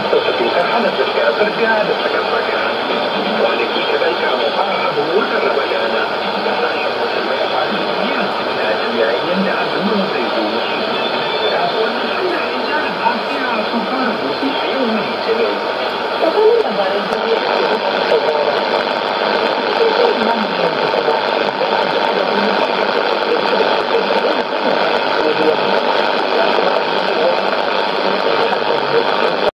66 حدث كأثر جهاد التكسر